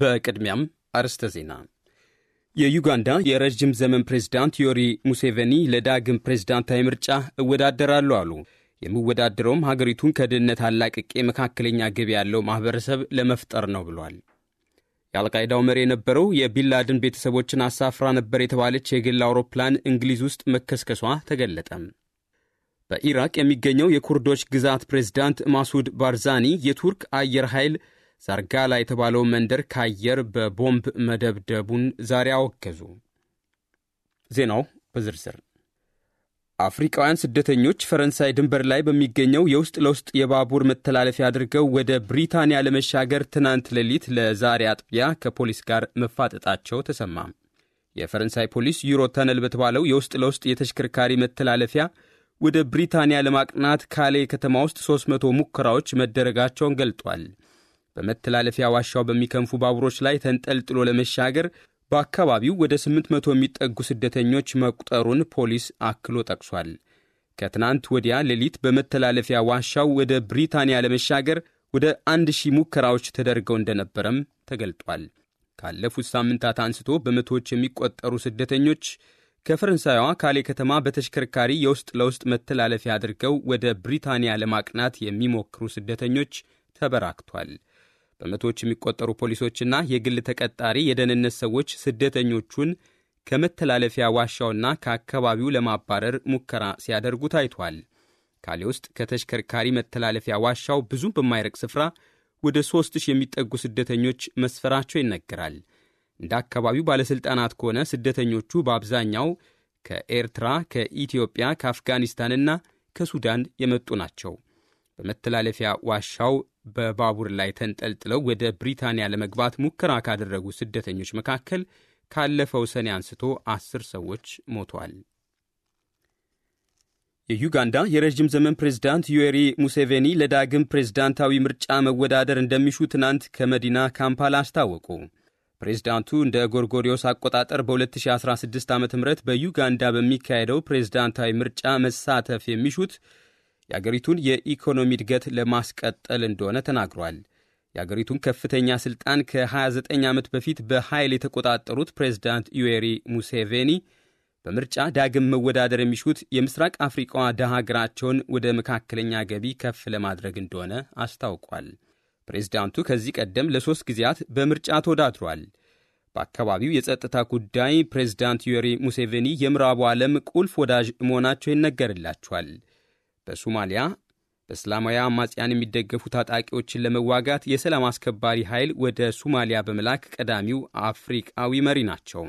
በቅድሚያም አርዕስተ ዜና። የዩጋንዳ የረዥም ዘመን ፕሬዝዳንት ዮሪ ሙሴቬኒ ለዳግም ፕሬዝዳንታዊ ምርጫ እወዳደራሉ አሉ። የምወዳደረውም ሀገሪቱን ከድህነት አላቅቄ መካከለኛ ገቢ ያለው ማህበረሰብ ለመፍጠር ነው ብሏል። የአልቃይዳው መሪ የነበረው የቢንላድን ቤተሰቦችን አሳፍራ ነበር የተባለች የግል አውሮፕላን እንግሊዝ ውስጥ መከስከሷ ተገለጠ። በኢራቅ የሚገኘው የኩርዶች ግዛት ፕሬዝዳንት ማሱድ ባርዛኒ የቱርክ አየር ኃይል ዛርጋላ የተባለው መንደር ከአየር በቦምብ መደብደቡን ዛሬ አወገዙ። ዜናው በዝርዝር አፍሪቃውያን ስደተኞች ፈረንሳይ ድንበር ላይ በሚገኘው የውስጥ ለውስጥ የባቡር መተላለፊያ አድርገው ወደ ብሪታንያ ለመሻገር ትናንት ሌሊት ለዛሬ አጥቢያ ከፖሊስ ጋር መፋጠጣቸው ተሰማ። የፈረንሳይ ፖሊስ ዩሮ ተነል በተባለው የውስጥ ለውስጥ የተሽከርካሪ መተላለፊያ ወደ ብሪታንያ ለማቅናት ካሌ ከተማ ውስጥ 300 ሙከራዎች መደረጋቸውን ገልጧል። በመተላለፊያ ዋሻው በሚከንፉ ባቡሮች ላይ ተንጠልጥሎ ለመሻገር በአካባቢው ወደ 800 የሚጠጉ ስደተኞች መቁጠሩን ፖሊስ አክሎ ጠቅሷል። ከትናንት ወዲያ ሌሊት በመተላለፊያ ዋሻው ወደ ብሪታንያ ለመሻገር ወደ አንድ ሺህ ሙከራዎች ተደርገው እንደነበረም ተገልጧል። ካለፉት ሳምንታት አንስቶ በመቶዎች የሚቆጠሩ ስደተኞች ከፈረንሳይዋ ካሌ ከተማ በተሽከርካሪ የውስጥ ለውስጥ መተላለፊያ አድርገው ወደ ብሪታንያ ለማቅናት የሚሞክሩ ስደተኞች ተበራክቷል። በመቶዎች የሚቆጠሩ ፖሊሶችና የግል ተቀጣሪ የደህንነት ሰዎች ስደተኞቹን ከመተላለፊያ ዋሻውና ከአካባቢው ለማባረር ሙከራ ሲያደርጉ ታይቷል። ካሌ ውስጥ ከተሽከርካሪ መተላለፊያ ዋሻው ብዙም በማይርቅ ስፍራ ወደ ሦስት ሺህ የሚጠጉ ስደተኞች መስፈራቸው ይነገራል። እንደ አካባቢው ባለሥልጣናት ከሆነ ስደተኞቹ በአብዛኛው ከኤርትራ፣ ከኢትዮጵያ፣ ከአፍጋኒስታንና ከሱዳን የመጡ ናቸው። በመተላለፊያ ዋሻው በባቡር ላይ ተንጠልጥለው ወደ ብሪታንያ ለመግባት ሙከራ ካደረጉ ስደተኞች መካከል ካለፈው ሰኔ አንስቶ አስር ሰዎች ሞቷል። የዩጋንዳ የረዥም ዘመን ፕሬዝዳንት ዩዌሪ ሙሴቬኒ ለዳግም ፕሬዝዳንታዊ ምርጫ መወዳደር እንደሚሹ ትናንት ከመዲና ካምፓላ አስታወቁ። ፕሬዝዳንቱ እንደ ጎርጎሪዮስ አቆጣጠር በ2016 ዓ ም በዩጋንዳ በሚካሄደው ፕሬዝዳንታዊ ምርጫ መሳተፍ የሚሹት የአገሪቱን የኢኮኖሚ እድገት ለማስቀጠል እንደሆነ ተናግሯል። የአገሪቱን ከፍተኛ ስልጣን ከ29 ዓመት በፊት በኃይል የተቆጣጠሩት ፕሬዝዳንት ዩዌሪ ሙሴቬኒ በምርጫ ዳግም መወዳደር የሚሹት የምስራቅ አፍሪቃዋ ድሃ ሀገራቸውን ወደ መካከለኛ ገቢ ከፍ ለማድረግ እንደሆነ አስታውቋል። ፕሬዝዳንቱ ከዚህ ቀደም ለሦስት ጊዜያት በምርጫ ተወዳድሯል። በአካባቢው የጸጥታ ጉዳይ ፕሬዝዳንት ዩዌሪ ሙሴቬኒ የምዕራቡ ዓለም ቁልፍ ወዳጅ መሆናቸው ይነገርላቸዋል። በሶማሊያ በእስላማዊ አማጽያን የሚደገፉ ታጣቂዎችን ለመዋጋት የሰላም አስከባሪ ኃይል ወደ ሶማሊያ በመላክ ቀዳሚው አፍሪቃዊ መሪ ናቸው።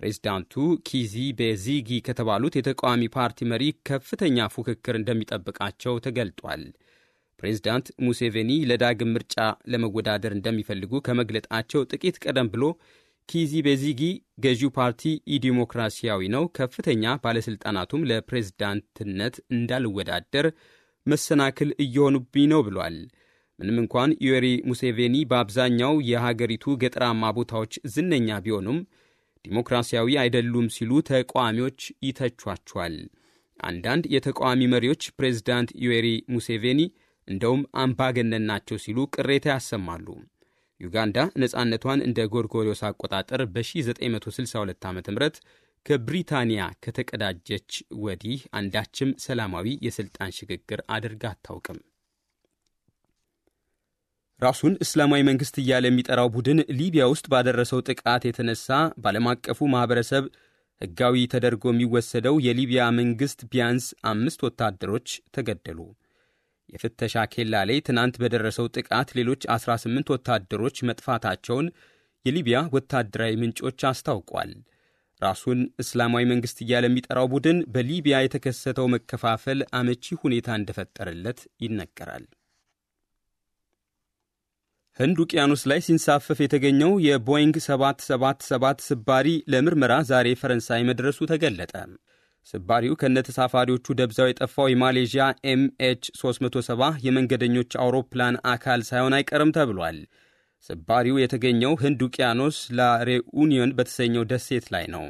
ፕሬዚዳንቱ ኪዚ ቤዚጊ ከተባሉት የተቃዋሚ ፓርቲ መሪ ከፍተኛ ፉክክር እንደሚጠብቃቸው ተገልጧል። ፕሬዚዳንት ሙሴቬኒ ለዳግም ምርጫ ለመወዳደር እንደሚፈልጉ ከመግለጣቸው ጥቂት ቀደም ብሎ ኪዚቤዚጊ ገዢው ፓርቲ ኢዲሞክራሲያዊ ነው፣ ከፍተኛ ባለሥልጣናቱም ለፕሬዝዳንትነት እንዳልወዳደር መሰናክል እየሆኑብኝ ነው ብሏል። ምንም እንኳን ዩዌሪ ሙሴቬኒ በአብዛኛው የሀገሪቱ ገጠራማ ቦታዎች ዝነኛ ቢሆኑም ዲሞክራሲያዊ አይደሉም ሲሉ ተቃዋሚዎች ይተቿቸዋል። አንዳንድ የተቃዋሚ መሪዎች ፕሬዝዳንት ዩዌሪ ሙሴቬኒ እንደውም አምባገነን ናቸው ሲሉ ቅሬታ ያሰማሉ። ዩጋንዳ ነፃነቷን እንደ ጎርጎሪዮስ አቆጣጠር በ1962 ዓ ም ከብሪታንያ ከተቀዳጀች ወዲህ አንዳችም ሰላማዊ የሥልጣን ሽግግር አድርጋ አታውቅም። ራሱን እስላማዊ መንግሥት እያለ የሚጠራው ቡድን ሊቢያ ውስጥ ባደረሰው ጥቃት የተነሳ በዓለም አቀፉ ማኅበረሰብ ሕጋዊ ተደርጎ የሚወሰደው የሊቢያ መንግሥት ቢያንስ አምስት ወታደሮች ተገደሉ። የፍተሻ ኬላ ላይ ትናንት በደረሰው ጥቃት ሌሎች 18 ወታደሮች መጥፋታቸውን የሊቢያ ወታደራዊ ምንጮች አስታውቋል። ራሱን እስላማዊ መንግሥት እያለ የሚጠራው ቡድን በሊቢያ የተከሰተው መከፋፈል አመቺ ሁኔታ እንደፈጠረለት ይነገራል። ህንድ ውቅያኖስ ላይ ሲንሳፈፍ የተገኘው የቦይንግ 777 ስባሪ ለምርመራ ዛሬ ፈረንሳይ መድረሱ ተገለጠ። ስባሪው ከነ ተሳፋሪዎቹ ደብዛው የጠፋው የማሌዥያ ኤምኤች 370 የመንገደኞች አውሮፕላን አካል ሳይሆን አይቀርም ተብሏል። ስባሪው የተገኘው ህንድ ውቅያኖስ ላሬኡኒዮን በተሰኘው ደሴት ላይ ነው።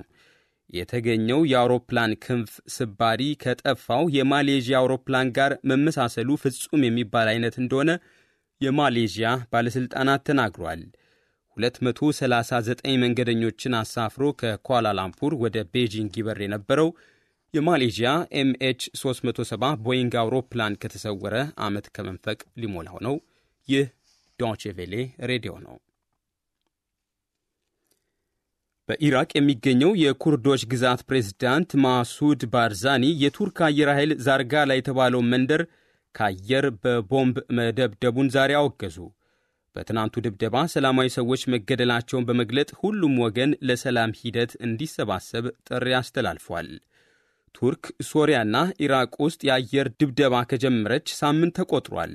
የተገኘው የአውሮፕላን ክንፍ ስባሪ ከጠፋው የማሌዥያ አውሮፕላን ጋር መመሳሰሉ ፍጹም የሚባል አይነት እንደሆነ የማሌዥያ ባለሥልጣናት ተናግሯል። 239 መንገደኞችን አሳፍሮ ከኳላላምፑር ወደ ቤጂንግ ይበር የነበረው የማሌዥያ ኤምኤች 370 ቦይንግ አውሮፕላን ከተሰወረ ዓመት ከመንፈቅ ሊሞላው ነው። ይህ ዶቼ ቬሌ ሬዲዮ ነው። በኢራቅ የሚገኘው የኩርዶች ግዛት ፕሬዝዳንት ማሱድ ባርዛኒ የቱርክ አየር ኃይል ዛርጋላ የተባለው መንደር ከአየር በቦምብ መደብደቡን ዛሬ አወገዙ። በትናንቱ ድብደባ ሰላማዊ ሰዎች መገደላቸውን በመግለጥ ሁሉም ወገን ለሰላም ሂደት እንዲሰባሰብ ጥሪ አስተላልፏል። ቱርክ ሶሪያና ኢራቅ ውስጥ የአየር ድብደባ ከጀመረች ሳምንት ተቆጥሯል።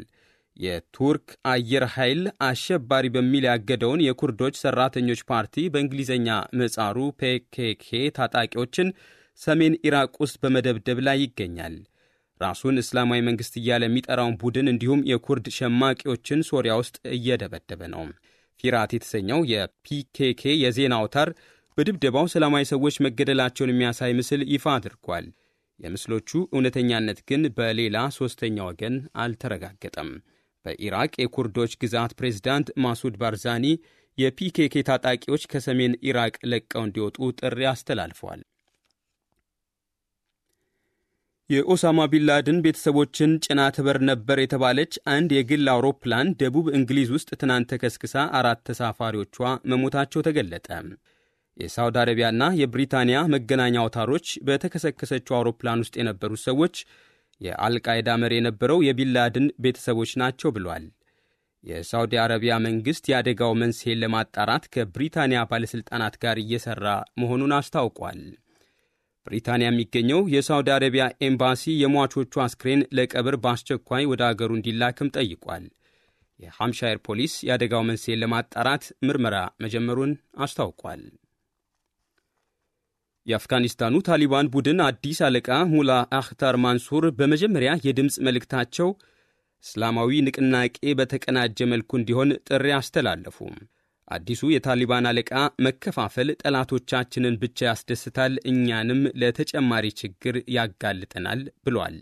የቱርክ አየር ኃይል አሸባሪ በሚል ያገደውን የኩርዶች ሰራተኞች ፓርቲ በእንግሊዝኛ ምጻሩ ፔኬኬ ታጣቂዎችን ሰሜን ኢራቅ ውስጥ በመደብደብ ላይ ይገኛል። ራሱን እስላማዊ መንግሥት እያለ የሚጠራውን ቡድን እንዲሁም የኩርድ ሸማቂዎችን ሶሪያ ውስጥ እየደበደበ ነው። ፊራት የተሰኘው የፒኬኬ የዜና አውታር በድብደባው ሰላማዊ ሰዎች መገደላቸውን የሚያሳይ ምስል ይፋ አድርጓል። የምስሎቹ እውነተኛነት ግን በሌላ ሦስተኛ ወገን አልተረጋገጠም። በኢራቅ የኩርዶች ግዛት ፕሬዝዳንት ማሱድ ባርዛኒ የፒኬኬ ታጣቂዎች ከሰሜን ኢራቅ ለቀው እንዲወጡ ጥሪ አስተላልፏል። የኦሳማ ቢንላድን ቤተሰቦችን ጭና ትበር ነበር የተባለች አንድ የግል አውሮፕላን ደቡብ እንግሊዝ ውስጥ ትናንት ተከስክሳ አራት ተሳፋሪዎቿ መሞታቸው ተገለጠ። የሳውዲ አረቢያና የብሪታንያ መገናኛ አውታሮች በተከሰከሰችው አውሮፕላን ውስጥ የነበሩት ሰዎች የአልቃይዳ መሪ የነበረው የቢንላድን ቤተሰቦች ናቸው ብሏል። የሳውዲ አረቢያ መንግሥት የአደጋው መንስሔን ለማጣራት ከብሪታንያ ባለሥልጣናት ጋር እየሠራ መሆኑን አስታውቋል። ብሪታንያ የሚገኘው የሳውዲ አረቢያ ኤምባሲ የሟቾቹ አስክሬን ለቀብር በአስቸኳይ ወደ አገሩ እንዲላክም ጠይቋል። የሃምሻየር ፖሊስ የአደጋው መንስኤን ለማጣራት ምርመራ መጀመሩን አስታውቋል። የአፍጋኒስታኑ ታሊባን ቡድን አዲስ አለቃ ሙላ አክታር ማንሱር በመጀመሪያ የድምፅ መልእክታቸው እስላማዊ ንቅናቄ በተቀናጀ መልኩ እንዲሆን ጥሪ አስተላለፉ። አዲሱ የታሊባን አለቃ መከፋፈል ጠላቶቻችንን ብቻ ያስደስታል፣ እኛንም ለተጨማሪ ችግር ያጋልጠናል ብሏል።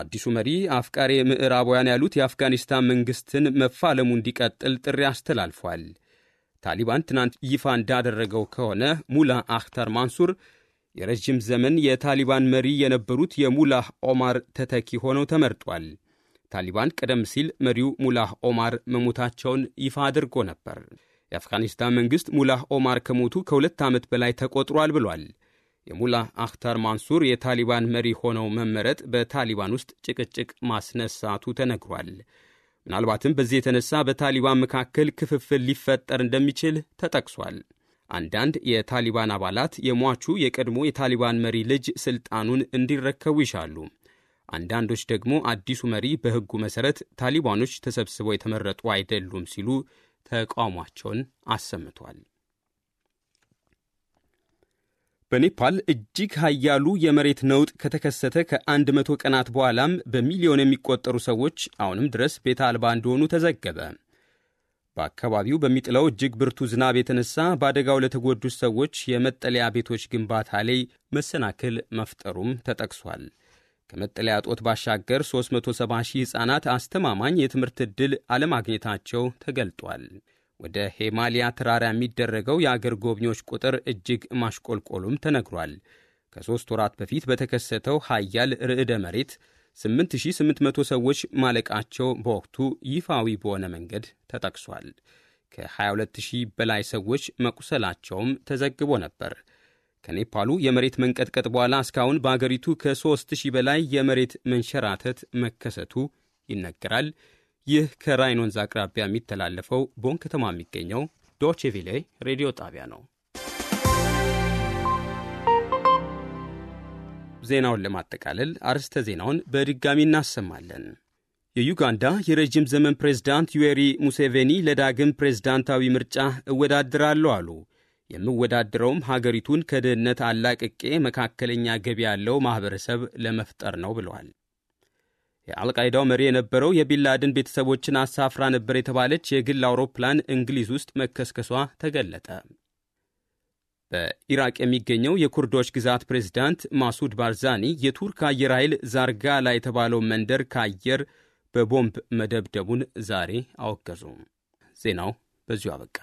አዲሱ መሪ አፍቃሬ ምዕራባውያን ያሉት የአፍጋኒስታን መንግሥትን መፋለሙ እንዲቀጥል ጥሪ አስተላልፏል። ታሊባን ትናንት ይፋ እንዳደረገው ከሆነ ሙላ አክተር ማንሱር የረዥም ዘመን የታሊባን መሪ የነበሩት የሙላህ ኦማር ተተኪ ሆነው ተመርጧል። ታሊባን ቀደም ሲል መሪው ሙላህ ኦማር መሞታቸውን ይፋ አድርጎ ነበር። የአፍጋኒስታን መንግሥት ሙላህ ኦማር ከሞቱ ከሁለት ዓመት በላይ ተቆጥሯል ብሏል። የሙላህ አክተር ማንሱር የታሊባን መሪ ሆነው መመረጥ በታሊባን ውስጥ ጭቅጭቅ ማስነሳቱ ተነግሯል። ምናልባትም በዚህ የተነሳ በታሊባን መካከል ክፍፍል ሊፈጠር እንደሚችል ተጠቅሷል። አንዳንድ የታሊባን አባላት የሟቹ የቀድሞ የታሊባን መሪ ልጅ ስልጣኑን እንዲረከቡ ይሻሉ። አንዳንዶች ደግሞ አዲሱ መሪ በሕጉ መሠረት ታሊባኖች ተሰብስበው የተመረጡ አይደሉም ሲሉ ተቃውሟቸውን አሰምቷል። በኔፓል እጅግ ኃያሉ የመሬት ነውጥ ከተከሰተ ከአንድ መቶ ቀናት በኋላም በሚሊዮን የሚቆጠሩ ሰዎች አሁንም ድረስ ቤት አልባ እንደሆኑ ተዘገበ። በአካባቢው በሚጥለው እጅግ ብርቱ ዝናብ የተነሳ በአደጋው ለተጎዱት ሰዎች የመጠለያ ቤቶች ግንባታ ላይ መሰናክል መፍጠሩም ተጠቅሷል። ከመጠለያ ጦት ባሻገር 370 ሺህ ሕፃናት አስተማማኝ የትምህርት ዕድል አለማግኘታቸው ተገልጧል። ወደ ሄማሊያ ተራራ የሚደረገው የአገር ጎብኚዎች ቁጥር እጅግ ማሽቆልቆሉም ተነግሯል። ከሦስት ወራት በፊት በተከሰተው ኃያል ርዕደ መሬት 8800 ሰዎች ማለቃቸው በወቅቱ ይፋዊ በሆነ መንገድ ተጠቅሷል። ከ22000 በላይ ሰዎች መቁሰላቸውም ተዘግቦ ነበር። ከኔፓሉ የመሬት መንቀጥቀጥ በኋላ እስካሁን በአገሪቱ ከ3000 በላይ የመሬት መንሸራተት መከሰቱ ይነገራል። ይህ ከራይን ወንዝ አቅራቢያ የሚተላለፈው ቦን ከተማ የሚገኘው ዶቼ ቪሌ ሬዲዮ ጣቢያ ነው። ዜናውን ለማጠቃለል አርዕስተ ዜናውን በድጋሚ እናሰማለን። የዩጋንዳ የረዥም ዘመን ፕሬዝዳንት ዩዌሪ ሙሴቬኒ ለዳግም ፕሬዝዳንታዊ ምርጫ እወዳድራለሁ አሉ። የምወዳድረውም ሀገሪቱን ከድህነት አላቅቄ መካከለኛ ገቢ ያለው ማኅበረሰብ ለመፍጠር ነው ብለዋል። የአልቃይዳው መሪ የነበረው የቢንላደን ቤተሰቦችን አሳፍራ ነበር የተባለች የግል አውሮፕላን እንግሊዝ ውስጥ መከስከሷ ተገለጠ። በኢራቅ የሚገኘው የኩርዶች ግዛት ፕሬዝዳንት ማሱድ ባርዛኒ የቱርክ አየር ኃይል ዛርጋላ የተባለው መንደር ከአየር በቦምብ መደብደቡን ዛሬ አወገዙ። ዜናው በዚሁ አበቃ።